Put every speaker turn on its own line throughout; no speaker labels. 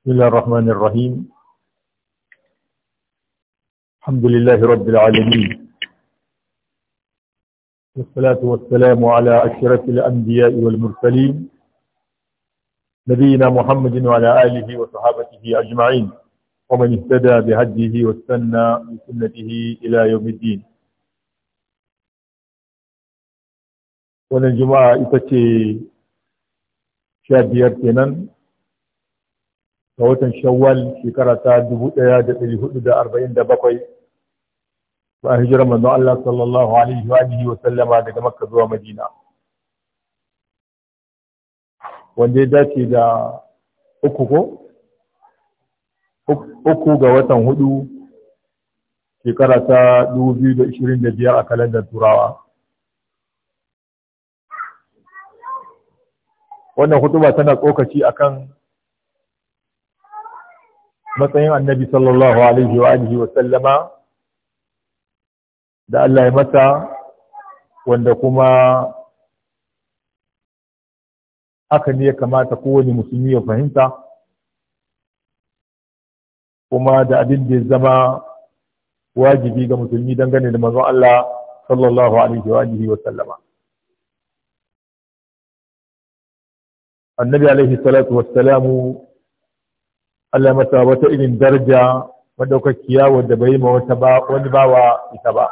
بسم الله الرحمن الرحيم الحمد لله رب العالمين والصلاة والسلام على أشرف الأنبياء والمرسلين نبينا محمد وعلى آله وصحابته أجمعين ومن اهتدى بهديه واستنى بسنته إلى يوم الدين ونجمع juma'a ita ce ga watan shawwal shekara ta 1447 ba hijira manzo Allah sallallahu alaihi wa alihi wa sallama daga Makka zuwa Madina wanda ya dace da uku ko uku ga watan hudu shekara ta 2025 a kalandar turawa wannan hutuba tana tsokaci akan matsayin annabi sallallahu alaihi wa alihi wa sallama da Allah ya mata wanda kuma haka ne ya kamata kowane musulmi ya fahimta kuma da abin da ya zama wajibi ga musulmi dangane da manzon Allah sallallahu alaihi wa alihi wa sallama annabi alaihi salatu wassalamu Allah masa wata irin daraja madaukakiya wanda bai ma wata ba wani bawa ita ba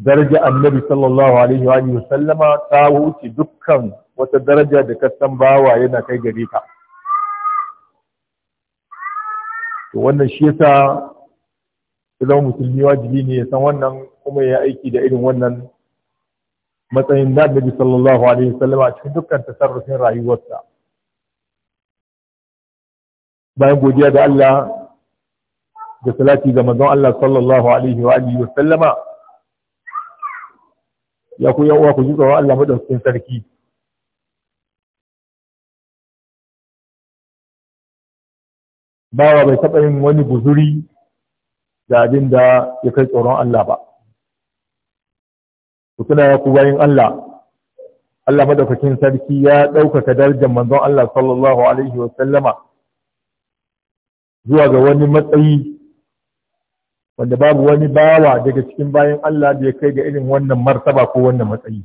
daraja annabi sallallahu alaihi wa alihi sallama ta wuce dukkan wata daraja da ka san bawa yana kai gare ka to wannan shi yasa idan musulmi wajibi ne ya san wannan kuma ya aiki da irin wannan matsayin da annabi sallallahu alaihi wa sallama a cikin dukkan tasarrufin rayuwarsa bayan godiya ga Allah da salati ga manzon Allah sallallahu alaihi wa alihi wa sallama ya ku yawa ku ji tsoron Allah madaukakin sarki bawa bai taɓa yin wani guzuri da abin da ya kai tsoron Allah ba ku tuna ya ku bayan Allah Allah madaukakin sarki ya ɗaukaka darajar manzon Allah sallallahu alaihi wa sallama zuwa ga wani matsayi wanda babu wani bawa daga cikin bayan Allah da ya kai ga irin wannan martaba ko wannan matsayi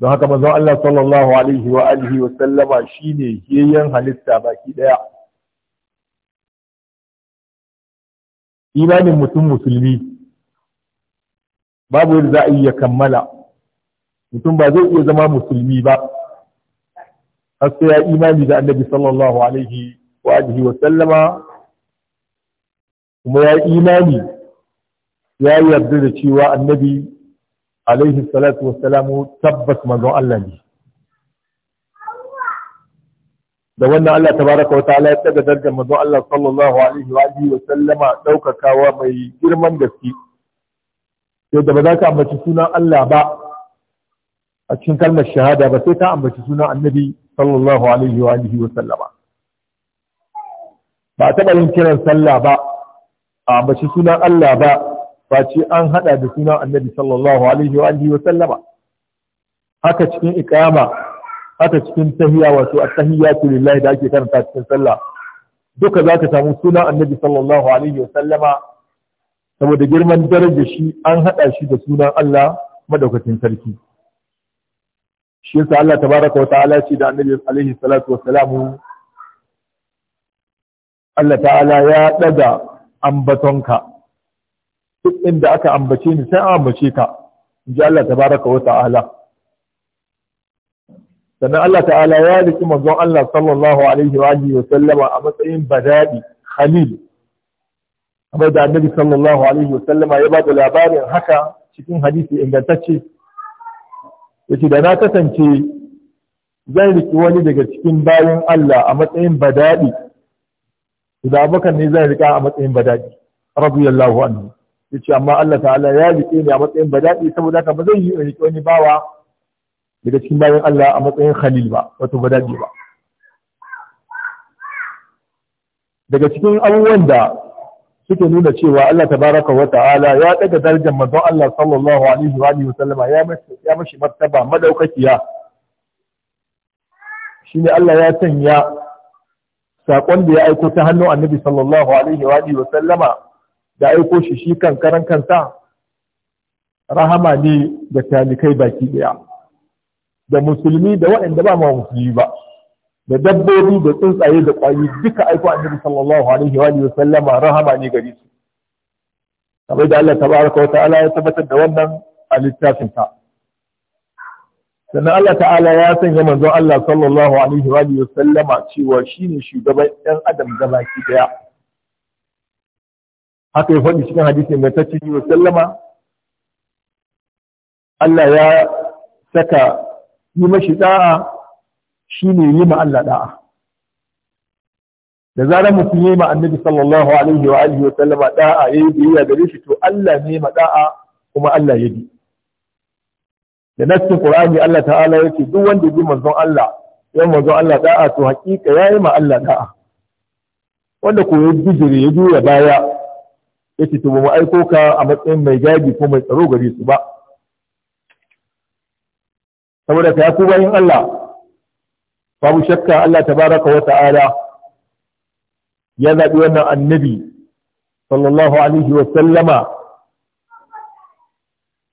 don haka mazan Allah sallallahu alaihi wa alihi wa sallama shine yayyan halitta baki daya imanin mutum musulmi babu yadda za a yi ya kammala mutum ba zai iya zama musulmi ba har sai ya imani da annabi sallallahu alaihi wa alihi wa sallama kuma ya imani ya yarda da cewa annabi alaihi salatu wa salamu tabbas manzon Allah ne da wannan Allah tabaraka wa ta'ala ya daga darajar manzon Allah sallallahu alaihi wa alihi wa sallama daukakawa mai girman gaske yadda ba za ka ambaci sunan Allah ba a cikin kalmar shahada ba sai ka ambaci sunan annabi sallallahu alaihi wa alihi wa sallama ba a taɓa yin kiran sallah ba a bashi sunan Allah ba ba ce an haɗa da sunan annabi sallallahu alaihi wa alihi wa sallama haka cikin iqama haka cikin tahiyya wato at-tahiyyatu lillahi da ake karanta cikin sallah duka zaka samu sunan annabi sallallahu alaihi wa sallama saboda girman darajar shi an haɗa shi da sunan Allah madaukakin sarki shi yasa Allah tabaraka wa ta'ala ce da annabi alaihi salatu wa salamu Allah ta'ala ya ɗaga ambatonka duk inda aka ambace ni sai an ambace ka in ji Allah tabaraka wa ta'ala sannan Allah ta'ala ya riki manzon Allah sallallahu alaihi wa alihi wa sallama a matsayin badadi khalil kamar da annabi sallallahu alaihi wa sallama ya ba da labarin haka cikin hadisi ingantacce yace da na kasance zan riki wani daga cikin bayan Allah a matsayin badadi da abokan ne zai rika a matsayin badadi radiyallahu anhu yace amma Allah ta'ala ya rike ni a matsayin badadi saboda haka ba zai yi rike wani bawa daga cikin bayan Allah a matsayin khalil ba wato badadi ba daga cikin abubuwan da suke nuna cewa Allah tabaraka wa ta'ala ya daga darajar manzon Allah sallallahu alaihi wa alihi sallama ya mashi ya mashi martaba madaukakiya shine Allah ya sanya saƙon da ya aiko ta hannun annabi sallallahu alaihi wa sallama da aiko shi shi kan karan kansa rahama ne da talikai baki ɗaya da musulmi da waɗanda ba ma musulmi ba da dabbobi da tsuntsaye da ƙwayi duka aiko annabi sallallahu alaihi wa sallama rahama ne gari su kamar da Allah tabaraka wa ta'ala ya tabbatar da wannan a littafin sannan Allah ta'ala ya sanya manzon Allah sallallahu alaihi wa sallama cewa shi ne shugaban ɗan adam gabaki daya haka ya faɗi cikin hadisi mai tacci wa sallama Allah ya saka yi mashi da'a shine yi ma Allah ɗa'a. da zarar mutum yi ma annabi sallallahu alaihi wa alihi wa sallama da'a yayi biyayya gare shi to Allah ne ma ɗa'a kuma Allah ya bi da nassin qur'ani Allah ta'ala yake duk wanda bi manzon Allah yan manzon Allah da'a to hakika yayi ma Allah da'a wanda ko ya bijire ya juya baya yace to ba mu aiko ka a matsayin mai gadi ko mai tsaro gare su ba saboda ka ku bayin Allah babu shakka Allah tabaraka wa ta'ala ya zabi wannan annabi sallallahu alaihi wa sallama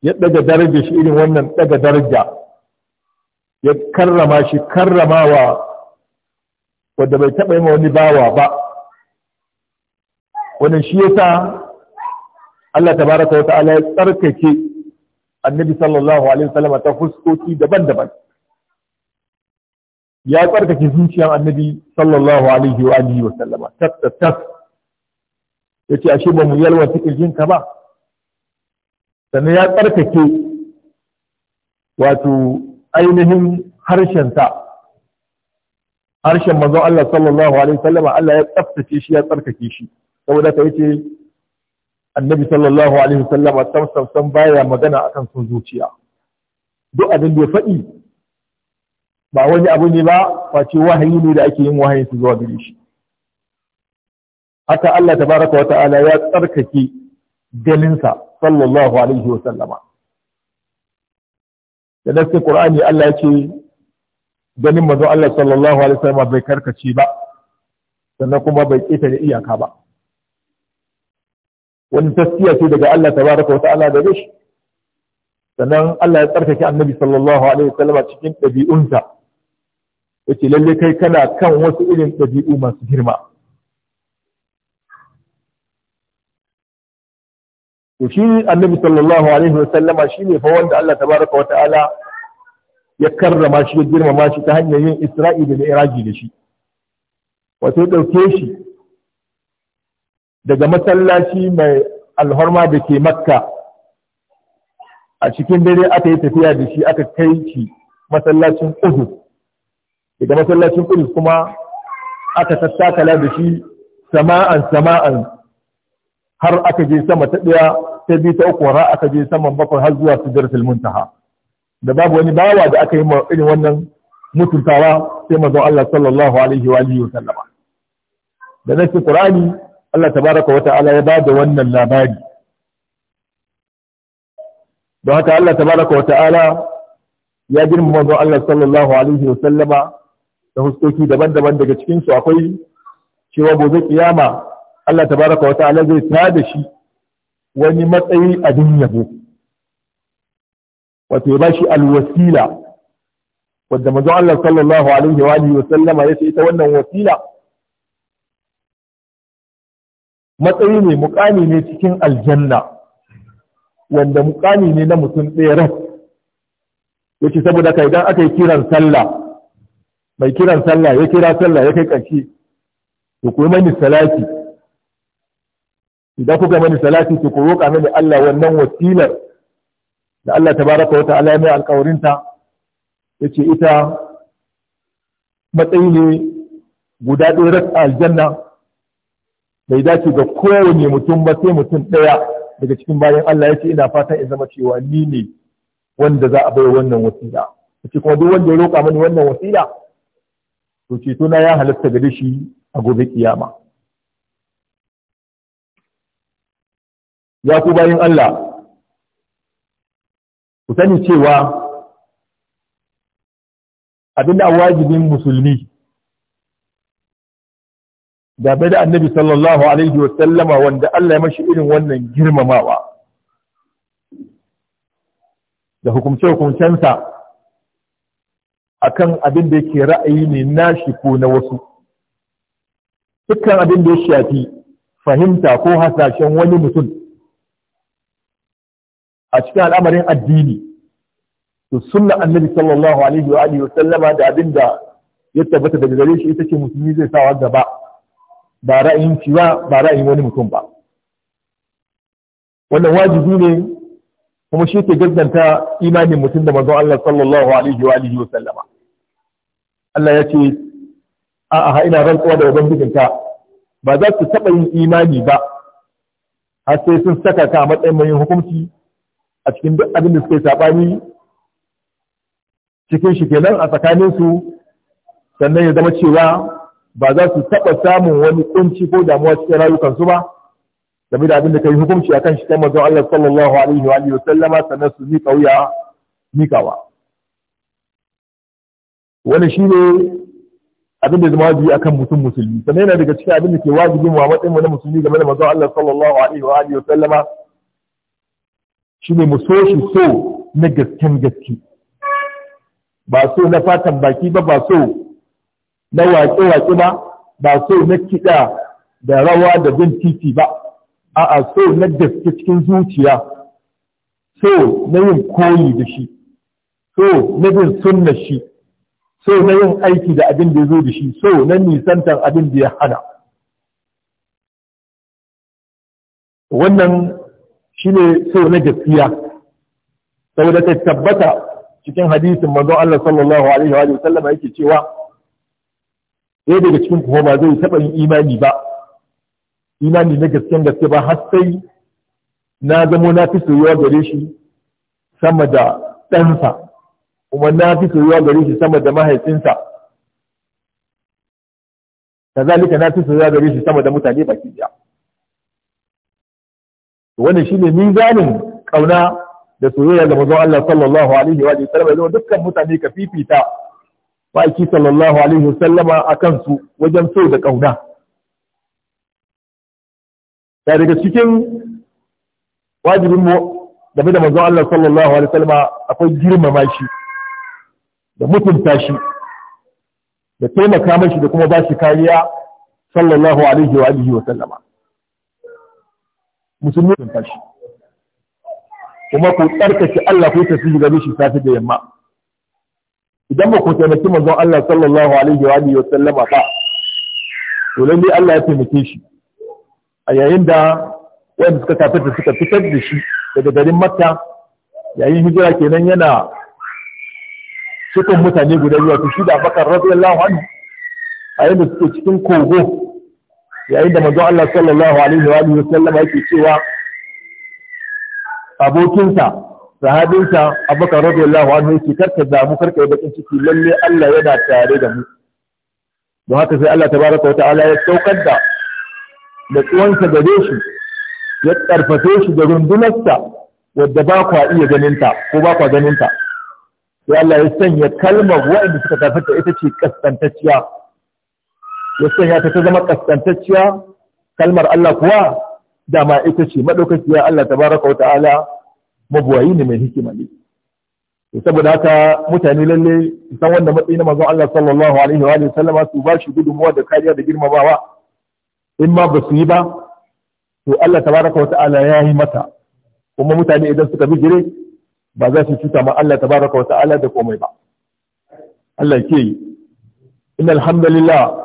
ya ɗaga daraja shi irin wannan ɗaga daraja ya karrama shi karramawa wadda bai taɓa yi wani bawa ba wannan shi ya sa Allah tabaraka wa ta'ala ya tsarkake annabi sallallahu alaihi wasallam ta fuskoki daban-daban ya tsarkake zuciyar annabi sallallahu alaihi wa alihi wa sallama tas tas yace ashe ba mu yalwa cikin ka ba sannan ya tsarkake wato ainihin harshensa harshen manzon Allah sallallahu alaihi wasallam Allah ya tsaftace shi ya tsarkake shi saboda ka yace annabi sallallahu alaihi wasallam tamsamsan baya magana akan sun zuciya duk abin da ya faɗi ba wani abu ne ba face wahayi ne da ake yin wahayi su zuwa gare shi haka Allah tabaraka wata'ala ya tsarkake ganinsa sallallahu alaihi wa sallama da nasu qur'ani Allah ya ce ganin mazo Allah sallallahu alaihi wa sallama bai karkace ba sannan kuma bai ƙetare iyaka ba wani taskiya ce daga Allah tabaraka wa ta'ala da shi sannan Allah ya tsarkake annabi sallallahu alaihi wa wasallama cikin ɗabi'unsa yace lalle kai kana kan wasu irin ɗabi'u masu girma to shi annabi sallallahu alaihi wa sallama shine fa wanda Allah tabaraka wa ta'ala
ya karrama shi ya girmama shi ta
hanyar yin Isra'i da Mi'raji da shi wato ya dauke shi daga masallaci mai alhorma da ke Makka a cikin dare aka yi tafiya da shi aka kai shi masallacin Uhud daga masallacin Uhud kuma aka tattakala da shi sama'an sama'an har aka je sama ta ɗaya ta biyu ta uku har aka je saman bakwai har zuwa sidratul muntaha da babu wani bawa da aka yi irin wannan mutuntawa sai manzon Allah sallallahu alaihi wa alihi wa sallama da nake Qur'ani Allah tabaraka wa ta'ala ya bada wannan labari don haka Allah tabaraka wa ta'ala ya girma manzon Allah sallallahu alaihi wa sallama da huskoki daban-daban daga cikin su akwai cewa gobe kiyama Allah tabaraka wata ala zai tada shi wani matsayi abin yabo wato ya bashi alwasila wadda mazo Allah sallallahu alaihi wa alihi wa sallama yace ita wannan wasila matsayi ne mukami ne cikin aljanna wanda mukami ne na mutum ɗaya ras yace saboda ka idan aka yi kiran sallah mai kiran sallah ya kira sallah ya kai ƙarshe to kuma mani salati idan kuka mani salati ku roƙa mani Allah wannan wasilar da Allah tabaraka wata ya mai alƙawarinta yace ita matsayi ne guda ɗaya a aljanna bai dace ga kowane mutum ba sai mutum ɗaya daga cikin bayan Allah yace ina fatan in zama cewa ni ne wanda za a bai wannan wasila yace kuma duk wanda ya roƙa mani wannan wasila to ceto na ya halatta gare shi a gobe kiyama ya ku bayin Allah ku sani cewa abinda a wajibin musulmi game da annabi sallallahu alaihi wa sallama wanda Allah ya mashi irin wannan girmamawa da hukumce-hukumcensa akan abin da yake ra'ayi ne nashi ko na wasu dukkan abin da ya shafi fahimta ko hasashen wani mutum a cikin al'amarin addini to sunna annabi sallallahu alaihi wa alihi wa sallama da abinda ya tabbata daga gare shi ita ce musulmi zai sawa gaba ba ra'ayin shi ba ba ra'ayin wani mutum ba wannan wajibi ne kuma shi ke gagganta imanin mutum da manzon Allah sallallahu alaihi wa alihi wa sallama Allah ya ce a'a ina rantsuwa da ubangijinka ba za su taɓa yin imani ba har sai sun saka ka a matsayin mai hukunci a cikin duk abin da suke saɓani cikin shi kenan a tsakaninsu sannan ya zama cewa ba za su taɓa samun wani kunci ko damuwa cikin rayukansu ba game da abin da kai hukunci akan shi ta manzon Allah sallallahu alaihi wa alihi sallama sannan su mika wuya mikawa shi ne abin da zama wajibi akan mutum musulmi sannan yana daga cikin abin da ke wajibi mu a matsayin mu na musulmi game da manzon Allah sallallahu alaihi wa alihi sallama shi ne mu so shi so na gasken gaske ba so na fatan baki ba ba so na waƙe-waƙe ba ba so na kiɗa da rawa da bin titi ba a'a so na gaske cikin zuciya so na yin koyi da shi so na bin sunna shi so na yin aiki da abin da ya zo da shi so na nisantar abin da ya hana wannan shine so na gaskiya saboda ta tabbata cikin hadisin manzon Allah sallallahu alaihi wa sallama yake cewa ɗaya daga cikin kuma ba zai taɓa yin imani ba imani na gasken gaske ba har sai na zamo na fi soyuwa gare shi sama da ɗansa kuma na fi soyuwa gare shi sama da mahaifinsa kazalika na fi soyuwa gare shi sama da mutane baki ɗaya wannan shine mizanin kauna da soyayya ga manzon Allah sallallahu alaihi wa sallam yanzu dukkan mutane ka fifita ma'aiki sallallahu alaihi wa sallama akan su wajen so da kauna da daga cikin wajibin mu game da manzon Allah sallallahu alaihi wasallam akwai girmama shi da mutunta shi da taimaka mashi da kuma ba shi kariya sallallahu alaihi wa alihi wa sallama musulmi sun tashi kuma ku tsarkake Allah ku tafi ga shi safi da yamma idan ba ku taimaki manzon Allah sallallahu alaihi wa alihi wa sallama ba to lalle Allah ya taimake shi a yayin da wanda suka da suka fitar da shi daga garin Makka yayin hijira kenan yana cikin mutane guda zuwa to shi da Bakar radiyallahu anhu a yayin da suke cikin kogo yayin da manzo Allah sallallahu alaihi wa alihi sallama yake cewa abokinsa sahabinsa Abubakar radiyallahu anhu yake karka damu karka yi bakin ciki lalle Allah yana tare da mu don haka sai Allah tabaraka wata'ala ya saukar da da tsuwansa gare shi ya karfafe shi da rundunarsa wadda ba kwa iya ganinta ko ba kwa ganinta sai Allah ya sanya kalmar waɗanda suka karfata ita ce kaskantacciya ya sanya ta ta zama kaskantacciya kalmar Allah kuwa dama ita ce maɗaukaciya Allah baraka wa ta'ala mabuwayi ne mai hikima ne saboda haka mutane lalle san wanda matsayi na manzon Allah sallallahu alaihi wa sallama su ba shi gudunmuwa da kariya da girmamawa in ma ba su yi ba to Allah baraka wa ta'ala ya yi mata kuma mutane idan suka bijire ba za su cuta ma Allah baraka wa ta'ala da komai ba Allah ke yi innal alhamdulillah.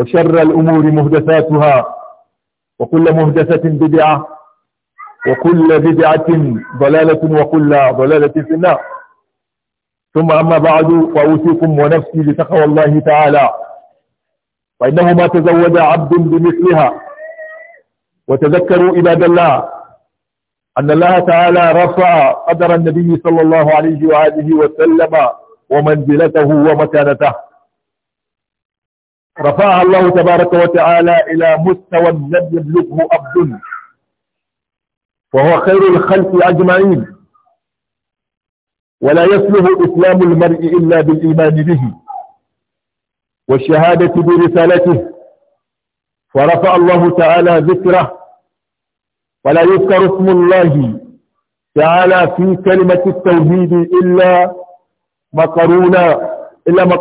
وشر الأمور مهدثاتها وكل مهدثة بدعة وكل بدعة ضلالة وكل ضلالة في النار ثم أما بعد فأوصيكم ونفسي بتقوى الله تعالى فإنه ما تزود عبد بمثلها وتذكروا عباد الله أن الله تعالى رفع قدر النبي صلى الله عليه وآله وسلم ومنزلته ومكانته رفعها الله تبارك وتعالى إلى مستوى لم يبلغه ابد وهو خير الخلق أجمعين ولا يصلح إسلام المرء إلا بالإيمان به والشهادة برسالته فرفع الله تعالى ذكره ولا يذكر اسم الله تعالى في كلمة التوحيد إلا مقرونا إلا مقرونا